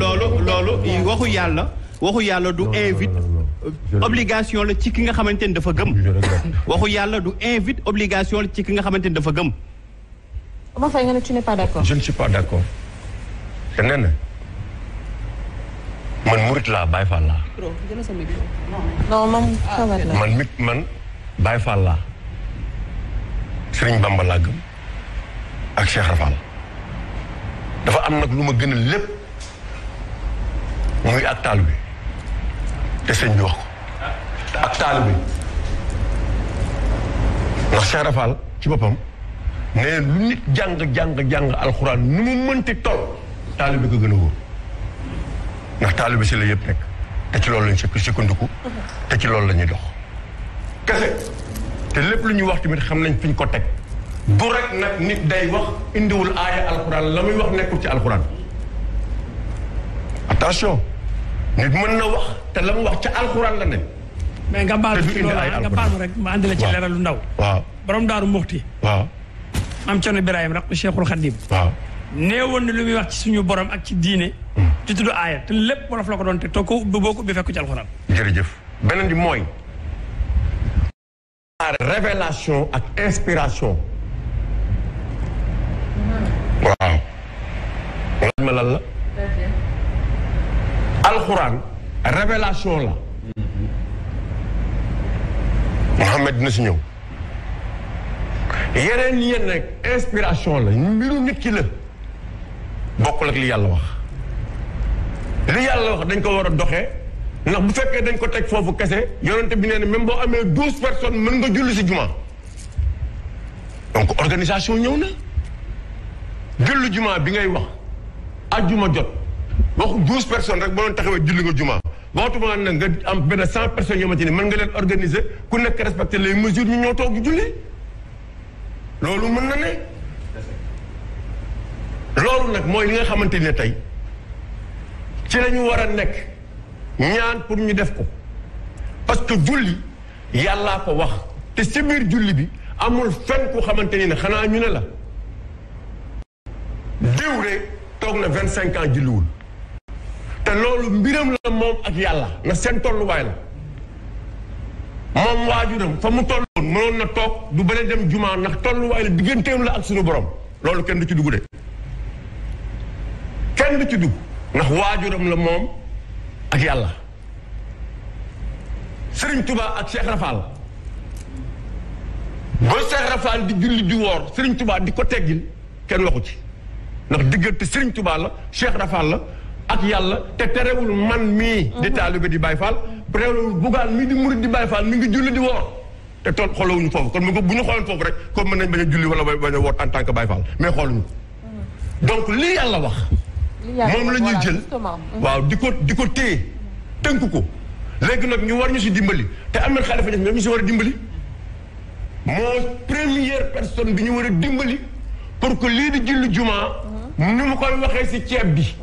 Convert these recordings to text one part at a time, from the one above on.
loolu loolu waxu yàlla waxu yàlla du invite obligation la ci ki nga xamante ni dafa gëm waxu yàlla du invite obligation la ci ki nga xamante ni dafa gëm Omar Faye nga ne tu n'es pas d'accord je ne suis pas te nee man murit laa Baay ah, Faal man mit man Baay Faal laa Sëriñ laa gëm ak Cheikh Rafal dafa am nag lu ma gën lépp mu ngi ak taalibe te sëñ bi wax ko ak taalibe ndax Cheikh Rafal ci boppam ne lu nit jàng jàng jàng alxuraan nu mu mënti tol taalibe ko gën a wóor ndax taalibe si la yëpp nekk te ci loolu lañ sukkandiku te ci loolu la ñuy dox kese te lépp lu ñuy wax tamit xam nañ fiñ ko teg du rek nag nit day wax indiwul aaya alxuraan la muy wax nekkul ci alxuraan attention nit mën na wax te la mu wax ca alxuraan la ne. mais nga baal ci loolu ah, nga baal rek ma ndaw. waaw borom daaru muxti. waaw. maam Cerno Ibrahima rek Cheikhul Khadim. waaw neewoon na lu muy wax ci suñu borom ak ci diine. ci hmm. aaya te lépp wolof la ko doon te too ko ubbi boo ko ubbi fekk ci alxuraan. jërëjëf beneen bi mooy. révélation ak inspiration. Hmm. waaw. laaj ma lan la. alxuraan révélation la Mohamed dina si ñëw yeneen yéen nag inspiration la mbiru nit ki la bokkul ak li yàlla wax li yàlla wax dañ ko war a doxee ndax bu fekkee dañ ko teg foofu kese yonente bi neen na même boo amee douze personnes mën nga julli si juma donc organisation ñëw na julli juma bi ngay wax ajuma jot waxu douze personnes rek boo doon taxawee julli nga juma waxtuma nag nga am benn cent personnes yoo xamante ni nga leen organiser ku nekk respecté les mesures ñu ñoo toog julli loolu mën na ne loolu nag mooy li nga xamante ne tey ci lañu ñu war a nekk ñaan pour ñu def ko parce que julli yàllaa ko wax te ci biir julli bi amul fenn ku xamante ni ne xanaa ñu ne la diw de toog na vingt cinq ans julliwul loolu mbiram la moom ak yàlla na seen tolluwaay la moom waajuram fa mu tolloon mënoon na toog du bële dem jumaa ndax tolluwaay la digganteem la ak suñu borom loolu kenn du ci dugg de kenn du ci dugg ndax waajuram la moom ak yàlla Sëriñ Tuba ak Cheikh Rafal ba Cheikh Rafal di julli di woor Sëriñ tubaa di ko teggil kenn waxu ci ndax diggante Sëriñ tubaa la Cheikh Rafal la ak yàlla te terewul man mii. di mhm. taalibe di Baye Fall. terewul bugaan mii di murid di Baye Fall mi ngi julli di woor. te tool ñu foofu kon ko bu ñu xoolee foofu rek comme mën nañ bañ a julli a woor en tant que Baye Fall mais xooluñu mhm. donc li yàlla wax. moom la ñuy jël mhm. waaw di ko di ko téye tënk ko. léegi nag ñu war ñu si dimbali te Ahmed Khalifa Niass ñu si war a dimbali moo première personne bi ñu war a dimbali pour que lii di julli juma. ni mu koy waxee si ceeb bi.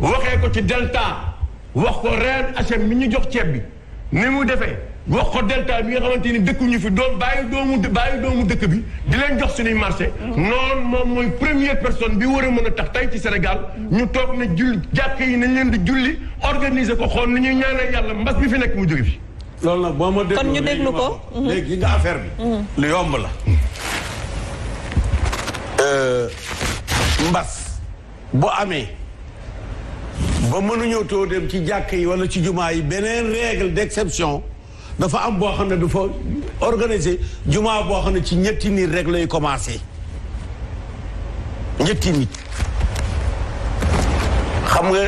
waxee ko ci delta wax ko ren HM mi ñu jox ceeb bi ni mu defee wax ko delta bi nga xamante ni dëkkuñu fi doom bàyyi doomu bàyyi doomu dëkk bi di leen jox suñuy marché noonu moom mooy première personne bi war a mën a tax tey ci Sénégal ñu toog na julli jàkk yi nañ leen di julli organiser ko xool ni ñuy ñaanal yàlla mbas bi fi nekk mu jóge fi loolu nag boo ma déglu kon ñu déglu ko mhm. léegi nga affaire bi mhm. lu yomb la euh, mbas bu amee ba mënuñoo too dem ci jàkk yi wala ci jumaa yi beneen règle d'exception dafa am boo xam ne dafa organiser jumaa boo xam ne ci ñetti nit rek lay commencé ñetti nit xam nga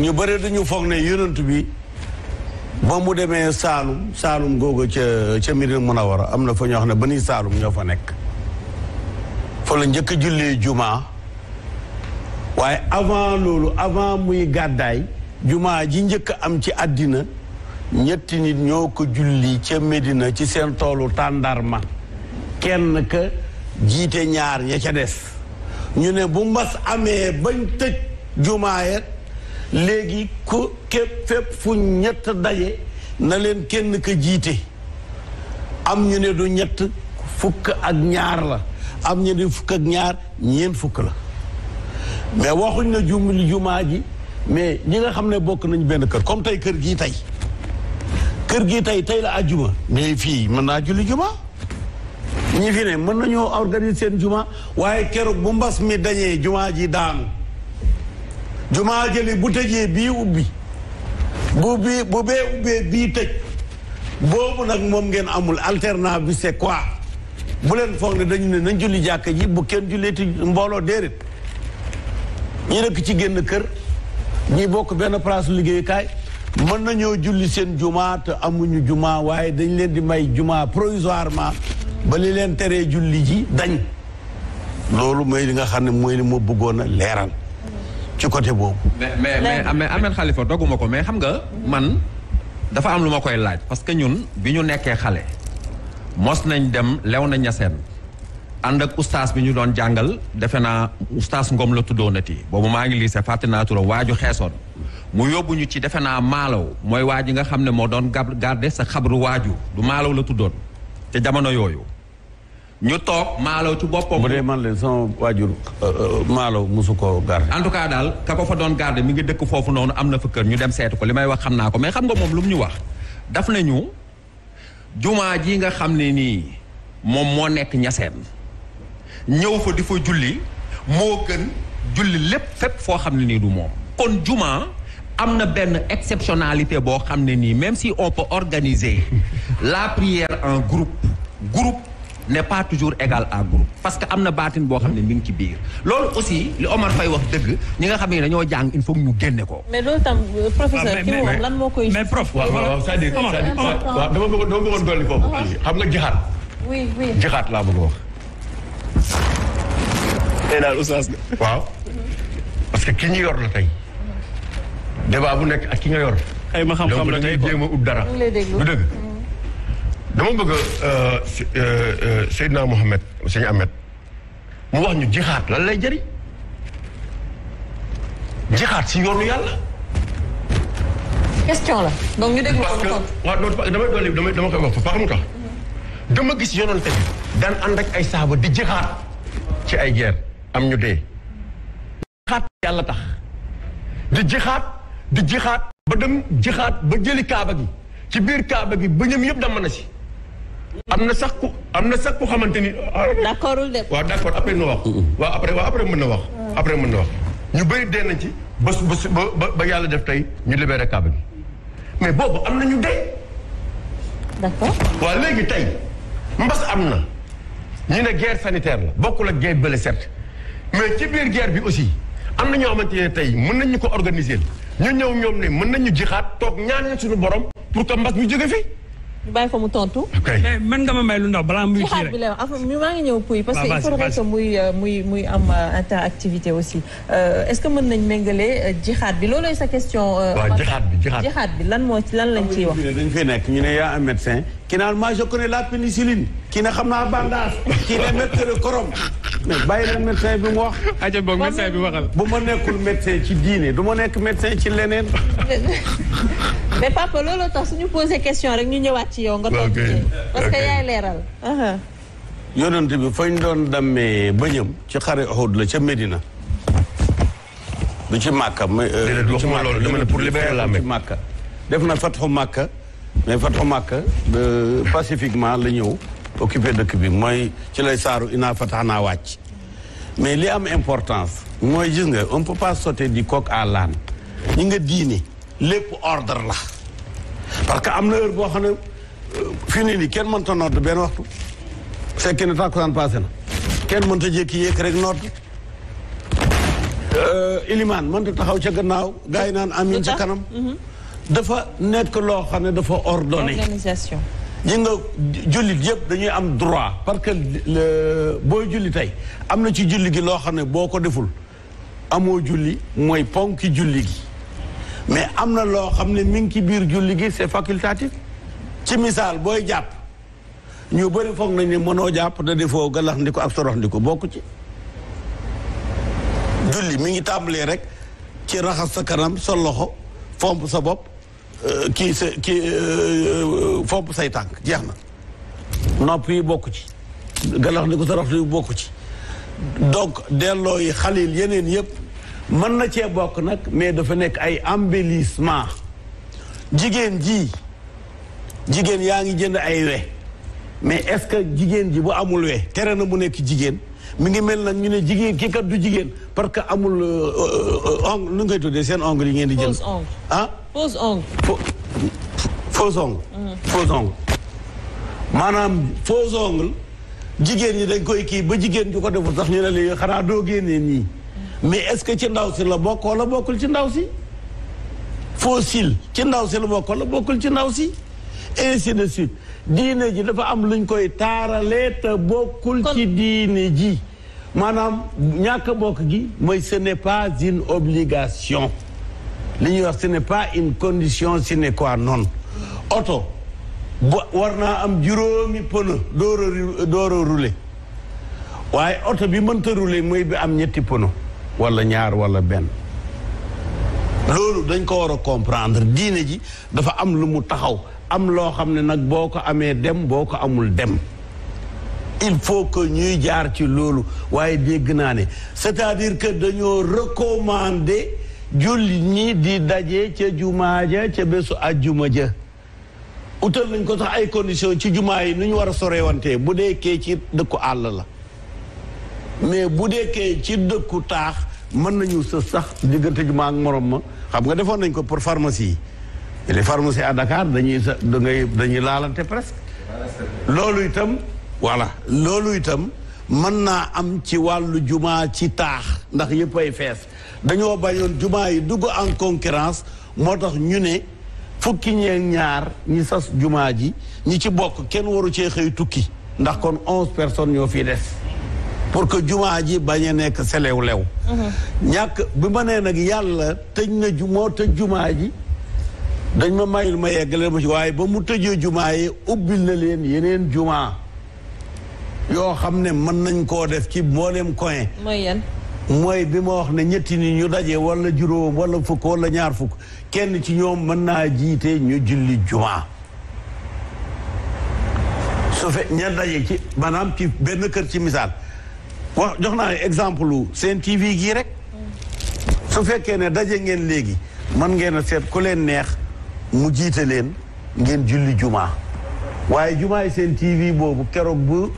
ñu bëri dañu foog ne yonent bi ba mu demee Saalum Saalum googu ca ca Medina Munawara am na fa ñoo xam ne ba ni Saalum ñoo fa nekk fa la njëkk a jullee jumaa waaye avant loolu avant muy gàddaay jumaa ji njëkk am ci àddina ñetti nit ñoo ko julli ca Medina ci seen toolu tàndarma kenn ka jiite ñaar ña ca des ñu ne bu mbas amee bañ tëj jumaa ya léegi ku képp fépp fu ñett daje na leen kenn ka jiite am ñu ne du ñett fukk ak ñaar la am ñu ne fukk ak ñaar ñeent fukk la mais waxuñ na jum jumaa ji mais ñi nga xam ne bokk nañ benn kër comme tey kër gii tey kër gii tey tey la àjjuma mais fii mën naa julli jumaa ñi fi ne mën nañoo organiser seen juma waaye keroog bu mbas mi dañee jumaa ji daanu jumaa jëli bu tëjee bii ubbi bu bii bee ubbee bii tëj boobu nag moom ngeen amul alternat bi c'est quoi bu leen foog ne dañu ne nañ julli jàkk ji bu kenn julleeti mbooloo déedéet ñi nekk ci génn kër ñi bokk benn place liggéeykaay mën nañoo julli seen juma te amuñu jumaa waaye dañ leen di may jumaa provisoirement ba li leen tere julli ji dañ loolu mooy li nga xam ne mooy li ma bëggoon a leeral ci côté boobu. mais mais mais xalifa Khalifa dogguma ko mais xam nga man dafa am lu ma koy laaj. parce que ñun bi ñu nekkee xale mos nañ dem lew na ñaseen. ànd ak ustaas bi ñu doon jàngal defe naa ustaas ngoom la tuddoonati boobu maa ngi lii lycée fàtte naa turam waaju xeesoon mu yóbbu ñu ci defe naa maalaw mooy waa ji nga xam ne moo doon gab garde sa xabru waaju du maalaw la tuddoon te jamono yooyu ñu toog maalaw ci boppam. bu dee man leen sama waajur euh, euh, maalaw musu ko garde en tout cas daal ka ko fa doon garde mi ngi dëkk foofu noonu am na fa kër ñu dem seetu ko li may wax xam naa ko mais xam nga moom lu mu ñu wax daf nañu jumaa ji nga xam ne nii moom moo nekk ñaseen ñëw fa di fa julli moo gën julli lépp fépp foo xam ne nii du moom kon juma am na benn exceptionnalité boo xam ne nii même si on organiser la prière en groupe groupe ne pas toujours égal à groupe parce que am na baatin boo xam ne mi ngi ci biir loolu aussi li Omar Faye wax dëgg ñi nga xam ne dañoo jàng il faut ñu génne ko. mais euh, ah, lan moo koy. mais prof waaw waaw c'est-à-dire dama bëggoon dama bëggoon dolli foofu. Ah. xam nga jaxaat. oui laa bëgg wax. tey daal waaw parce que ki ñu yor la tey débat bu nekk ak ki nga yor. ay ma xam-xam la tey donc dañuy ut dara. du dëgg dama bëgg a euh, euh, euh, Seydina Mohamed Sëñ mu wax ñu jixaat lan lay jëriñ jixaat si yoonu yàlla. question la donc ñu déglu ko mu tontu dama koy wax fa xam daan ànd ak ay saaba di jixaat ci ay guerre. am ñu dee. jixaat yàlla tax di jixaat di jixaat ba dem jixaat ba jëli kaaba gi ci biir kaaba gi ba ñëm yëpp dama na si. am na sax ku am na sax ku xamante ni. Ah, ah, ah. d'accordul de. waaw d'accord après nu wax. waaw après waaw après mën na wax. Mm. après mën na wax ñu bëri dee nañ ci ba su ba ba yàlla def tey ñu libéré kaaba gi mais boobu am na ñu dee. d'accord waaw léegi tey mbas am na ñu ne guerre sanitaire la bokkul ak guerre bële certes. mais ci biir guerre bi aussi am na ñoo xamante ne tey mën nañu ko organiser ñu ñëw ñoom ne mën nañu jixaat toog ñaan ñaanal suñu borom pour que mbas mi jóge fi. ñu bàyyi ko mu tontu. mais mën nga ma may lu ndaw balaa muy. ci rek bi maa ngi ñëw puy parce que i faudrait que muy euh, am euh, interactivité aussi euh, est-ce que mën nañ méngale jixaat bi loolooy sa question. waaw jixaat bi jixaat bi lan moo lan lañ ciy wax. dañu fay nekk ñu ne yaa un médecin. qui naan moi je connais la pénicilline. qui ne xam naa bandage. qui ne médecin de mais bàyyi leen médecin bi mu wax. aja boog médecin bi waxal. bu ma nekkul médecin ci diine du ma nekk médecin ci leneen. mais papa looloo tax suñu posé question rek ñu ñëwaat ci yow. nga toog parce que yaay leeral. yonent bi fañ doon dammee bëñam ci xare Uhud la ca Medina. du ci Màkka. Euh, déedéet waxuma loolu pour libérer la Màkka. def na fatxu Màkka mais fatxu Màkka euh, pacifiquement la ñëw. occupé dëkk bi mooy ci lay saaru inaa fatax naa wàcc mais li am importance mooy gis nga on peut pas sauter du coq à l'âne ñi nga diine lépp ordre la parce que am na heure boo xam ne euh, fii nii kenn mënta nodd benn waxtu fekkee ne tàkkusaan passé na kenn mënta jékki yékk rek nodd euh, ilimaan mënta taxaw ca gannaaw gars yi naan amin ca kanam mhm. dafa nekk loo xam ne dafa ordonné organisation ñi nga jullit yëpp dañuy am droit parce que booy julli tey am na ci julli gi loo xam ne boo ko deful amoo julli mooy ponki julli gi mais am na loo xam ne mi ngi ci biir julli gi c'est facultatif ci misaal booy jàpp ñu bëri foog nañ ne mënoo jàpp da defoo galax ndiko ak sorox ndiko bokku ci julli mi ngi tàmbalee rek ci raxas sa kanam sa loxo fomp sa bopp Euh, kii sa kii euh, euh, fomp say tànk jeex na nopp yi bokku ci galax ni ko sa raftu yi bokku ci donc delloo yi xalil yeneen yëpp mën na cee bokk nag mais dafa nekk ay embellissement jigéen ji jigéen yaa ngi jënd ay we mais est-ce que jigéen ji bu amul we tere na mu nekk jigéen mu ngi mel nag ñu ne jigéen kii kat du jigéen parce que amul ongle lu ngay koy tuddee seen ongle yi ngeen di jënd ah faux ongle. faux ongle. faux ongle maanaam faux ongle jigéen ñi dañ koy kii ba jigéen ju ko deful sax ñu ne léegi xanaa doo génnee nii mais est-ce que ci ndaw si la bokk wala bokkul ci ndaw si faux cils ci ndaw si la bokk wala bokkul ci ndaw si ainsi de suite diine ji dafa am luñ koy taaralee te bokkul ci diine ji maanaam ñàkk bokk gi mooy ce n'est pas une obligation li ñuy wax ce n'est pas une condition sine qua non oto bu war naa am juróomi pneu door a waaye oto bi mënta rouler mooy bi am ñetti pneu wala ñaar walla benn loolu dañ ko war a comprendre diine ji dafa am lu mu taxaw am loo xam ne nag boo ko amee dem boo ko amul dem il faut que ñuy jaar ci loolu waaye dégg naa ne c'est-à-dire que dañoo recommander julli ñii di daje ca jumaa ja ca bésu ajjuma ja utal nañ ko sax ay condition ci jumaa yi nu ñu war a sorewantee bu dee kee ci dëkku àll la mais bu dee ci dëkku taax mën nañu sës sax diggante jumaa ak morom ma xam nga defoon nañ ko pour pharmacie yi les pharmacies à Dakar dañuy sa dangay dañuy laalante presque loolu itam voilà loolu itam mën naa am ci wàllu jumaa ci taax ndax yëpp ay fees dañoo bañoon jumaa yi dugg en concurrence moo tax ñu ne fukki ñeeg ñaar ñi sas jumaa ji ñi ci bokk kenn waru cee xëy tukki ndax kon onze personnes ñoo fii des pour que jumaa ji bañ nekk selew-lew mhm. ñàkk bi ma nee nag yàlla tëj na ju moo tëj jumaa ji dañ ma mayul ma yeggale ma ci waaye ba mu tëjee jumaa yi ubbil na leen yeneen jumaa yoo xam ne mën nañ koo def ci mboolem coin mooy bi ma wax ne ñetti ni ñu daje wala juróom wala fukk walla ñaar fukk kenn ci ñoom mën naa jiite ñu julli jumaa su fe ña daje ci maanaam ci benn kër ci misaal wax jox naa exemple lu seen TV gii rek su fekkee ne daje ngeen léegi man ngeen a seet ku leen neex mu jiite leen ngeen julli jumaa waaye jumaa seen TV boobu keroog bu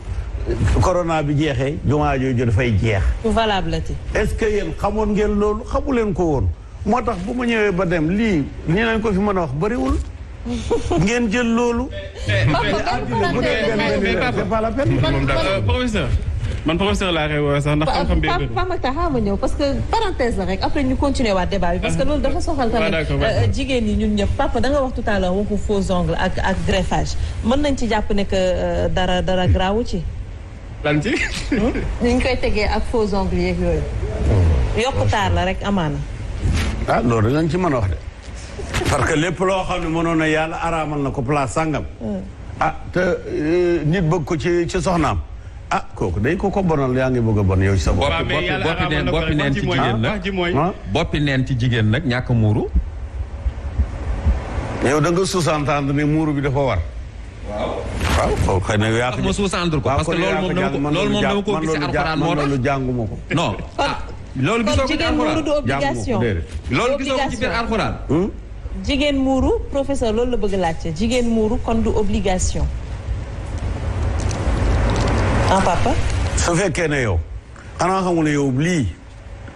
corona bi jeexee jumaa jooju dafay jeex. valable te. est-ce que yéen xamoon ngeen loolu xamu leen ko woon moo tax bu ma ñëwee ba dem lii ñu leen ko fi mën a wax bëriwul. ngeen jël loolu. Euh, professeur man professeur laa koy woowee sax ndax xam-xam bi Pa ma ñëw parce que parenthèse la rek après ñu continuer waa débat bi parce que loolu dafa soxal tamit ah, euh, jigéen ñi ñun ñëpp papa da nga wax tout à l'heure waxu faux ak greffage mën nañ ci jàpp ne que euh, dara dara graawu ci lan ci. ni ñu koy tegee ak faux ongles yeeg yooyu. la rek amaana. ah loolu dañu ci mën a wax de. parce que lépp loo xam ne mënoon na yàlla araamal na ko place sàngam. ah te nit bëgg ko ci ci soxnaam. ah kooku day ko ko bonal yaa ngi bëgg bon yow ci sa bopp. boppi neen boppi neen ci jigéen nag boppi neen ci jigéen nag ñàkk muuru. yow da nga muuru bi dafa war. waaw xëy na yaa ko ma suusandul ko parce que loolu moom dama ko loolu moom dama ko gis ci alxuraan moo tax jànguma ko non ah. loolu gisoo ko ci alxuraan loolu gisoo ko ci biir hmm? jigéen muuru professeur loolu la bëgg laajte jigéen muuru kon du obligation ah papa su fekkee ne yow xanaa xamu ne yow lii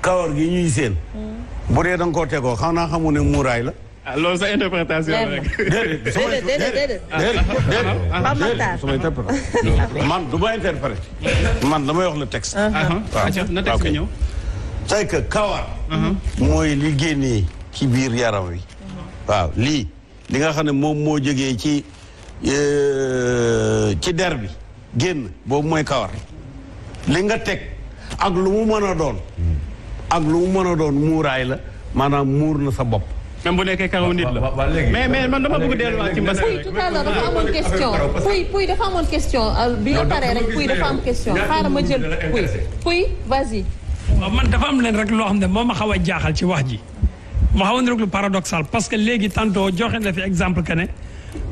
kawar gi ñuy seen hmm. bu dee danga koo tegoo xanaa xamu ne muuraay la ah loolu sa interprétation rek. déedéet déedéet déedéet man du ma man damay wax la texte. Ah, ah. Ah, waaw na texte ñëw. c'est que kawar. mooy li génnee ci biir yaram wi. waaw lii li nga xam ne moom moo jógee ci euh, ci der bi génn boobu mooy kawar li nga teg ak lu mu mën a doon. ak lu mu mën a doon muuraay la maanaam muur na sa bopp. même bu nekkee karaw nit la mais mais man dama bëgg delluwaat ci mbas. puy tout à dafa am man dafa am leen rek loo xam ne moo ma xaw a jaaxal ci wax ji ma xaw a rek lu paradoxal parce que léegi tantôt joxe na fi exemple que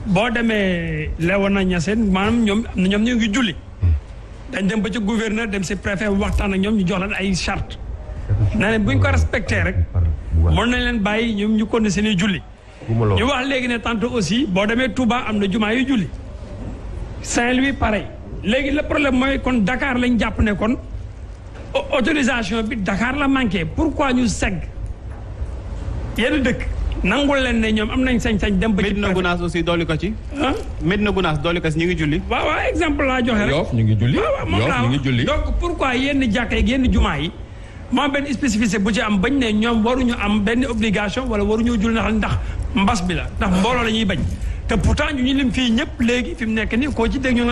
boo demee Léona Niassène maanaam ñoom ñoom ñu ngi julli dañ dem ba ci gouverneur dem si préfet waxtaan ak ñoom ñu jox leen ay charte na ne buñ ko respecté rek. mën nañ leen bàyyi ñoom ñu continuer seen i julli ñu wax léegi ne tant aussi boo demee Touba am na jumaa yu julli Saint-Louis pareil léegi le problème mooy kon dakaar lañ jàpp ne kon autorisation bi dakaar la manqué pourquoi ñu segg yenn dëkk nangul leen ne ñoom am nañ sañ-sañ dem ba ci Medina Gounass aussi dolli ko ci ah Medina Gounass dolli ko ci ñu ngi julli waaw waaw exemple laa joxe rek ñu ngi julli Yoff ñu ngi julli donc pourquoi yenn jàkka yi yenn jumaa yi moo am benn spécificité bu ci am bañ ne ñoom waruñu am benn obligation wala waruñoo jul naxal ndax mbas bi la ndax mbooloo la ñuy bañ te pourtant ñu ñu lim fii ñëpp léegi fi mu nekk nii koo ci dégg ñu